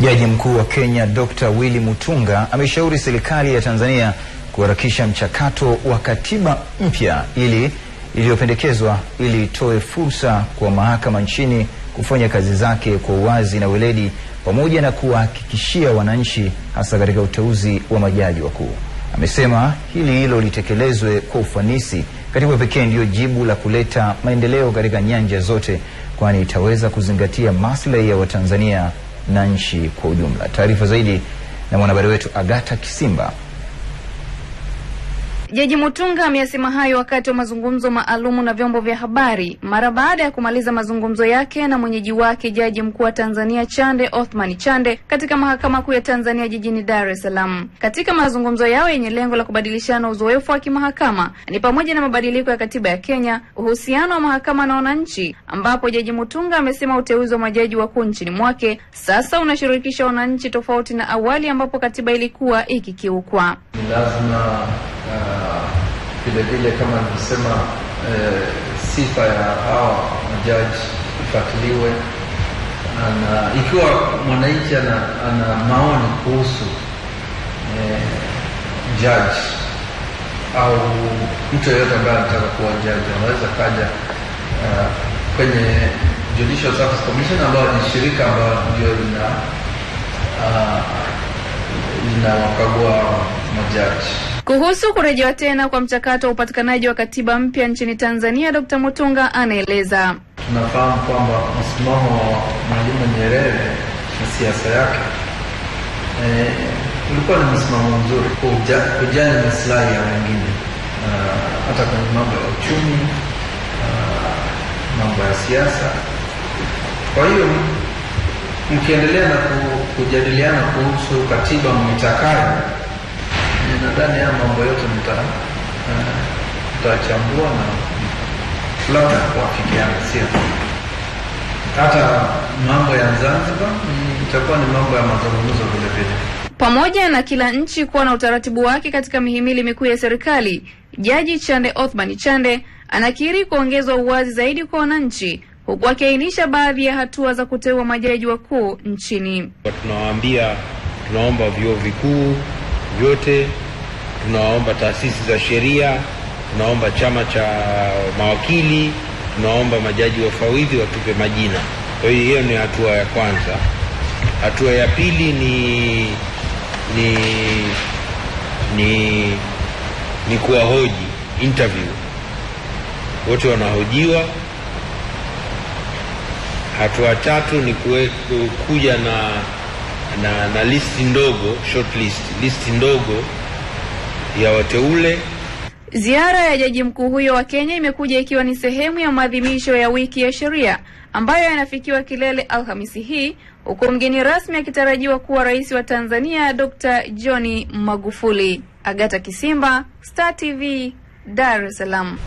Jaji mkuu wa Kenya Dr. Willy Mutunga ameshauri serikali ya Tanzania kuharakisha mchakato wa katiba mpya ili iliyopendekezwa ili itoe fursa kwa mahakama nchini kufanya kazi zake kwa uwazi na weledi pamoja na kuwahakikishia wananchi hasa katika uteuzi wa majaji wakuu. Amesema hili hilo litekelezwe kwa ufanisi. Katiba pekee ndiyo jibu la kuleta maendeleo katika nyanja zote, kwani itaweza kuzingatia maslahi ya Watanzania na nchi kwa ujumla. Taarifa zaidi na mwanahabari wetu Agata Kisimba. Jaji Mutunga ameyasema hayo wakati wa mazungumzo maalumu na vyombo vya habari mara baada ya kumaliza mazungumzo yake na mwenyeji wake Jaji Mkuu wa Tanzania Chande Othman Chande katika Mahakama Kuu ya Tanzania jijini Dar es Salaam. Katika mazungumzo yao yenye lengo la kubadilishana uzoefu wa kimahakama ni pamoja na mabadiliko ya katiba ya Kenya, uhusiano wa mahakama na wananchi, ambapo Jaji Mutunga amesema uteuzi wa majaji wakuu nchini mwake sasa unashirikisha wananchi tofauti na awali ambapo katiba ilikuwa ikikiukwa. Lazima Uh, vile vile kama nilivyosema, uh, sifa ya hawa majaji ifatiliwe na ikiwa mwananchi ana, ana maoni kuhusu uh, jaji au mtu yeyote ambaye anataka kuwa jaji anaweza kaja uh, kwenye Judicial Service Commission ambayo ni shirika ambayo ndio lina uh, linawakagua majaji. Kuhusu kurejewa tena kwa mchakato wa upatikanaji wa katiba mpya nchini Tanzania, Dr. Mutunga anaeleza. Tunafahamu kwamba msimamo wa Mwalimu Nyerere na siasa yake e, ulikuwa ni msimamo mzuri, kujali maslahi ya wengine hata kwenye mambo ya uchumi, mambo ya siasa. Kwa hiyo mkiendelea na kujadiliana kuhusu katiba mitakayo nadhani haya mambo yote mtachambua eh, na labda kuafikiana, sio hata mambo ya Zanzibar mm, itakuwa ni mambo ya mazungumzo vilevile Pamoja na kila nchi kuwa na utaratibu wake katika mihimili mikuu ya serikali, Jaji Chande Othman Chande anakiri kuongezwa uwazi zaidi kwa wananchi huku akiainisha baadhi ya hatua za kuteua majaji wakuu nchini. Tunawaambia tunaomba vyuo vikuu vyote tunaomba taasisi za sheria, tunaomba chama cha mawakili, tunaomba majaji wafawidhi watupe majina. Kwa hiyo hiyo ni hatua ya kwanza. Hatua ya pili ni, ni, ni, ni kuwahoji interview, wote wanahojiwa. Hatua tatu ni kue, kuja na, na, na listi ndogo short list, listi ndogo ya wateule. Ziara ya jaji mkuu huyo wa Kenya imekuja ikiwa ni sehemu ya maadhimisho ya wiki ya sheria ambayo yanafikiwa kilele Alhamisi hii huku mgeni rasmi akitarajiwa kuwa rais wa Tanzania Dr. John Magufuli. Agata Kisimba, Star TV, Dar es Salaam.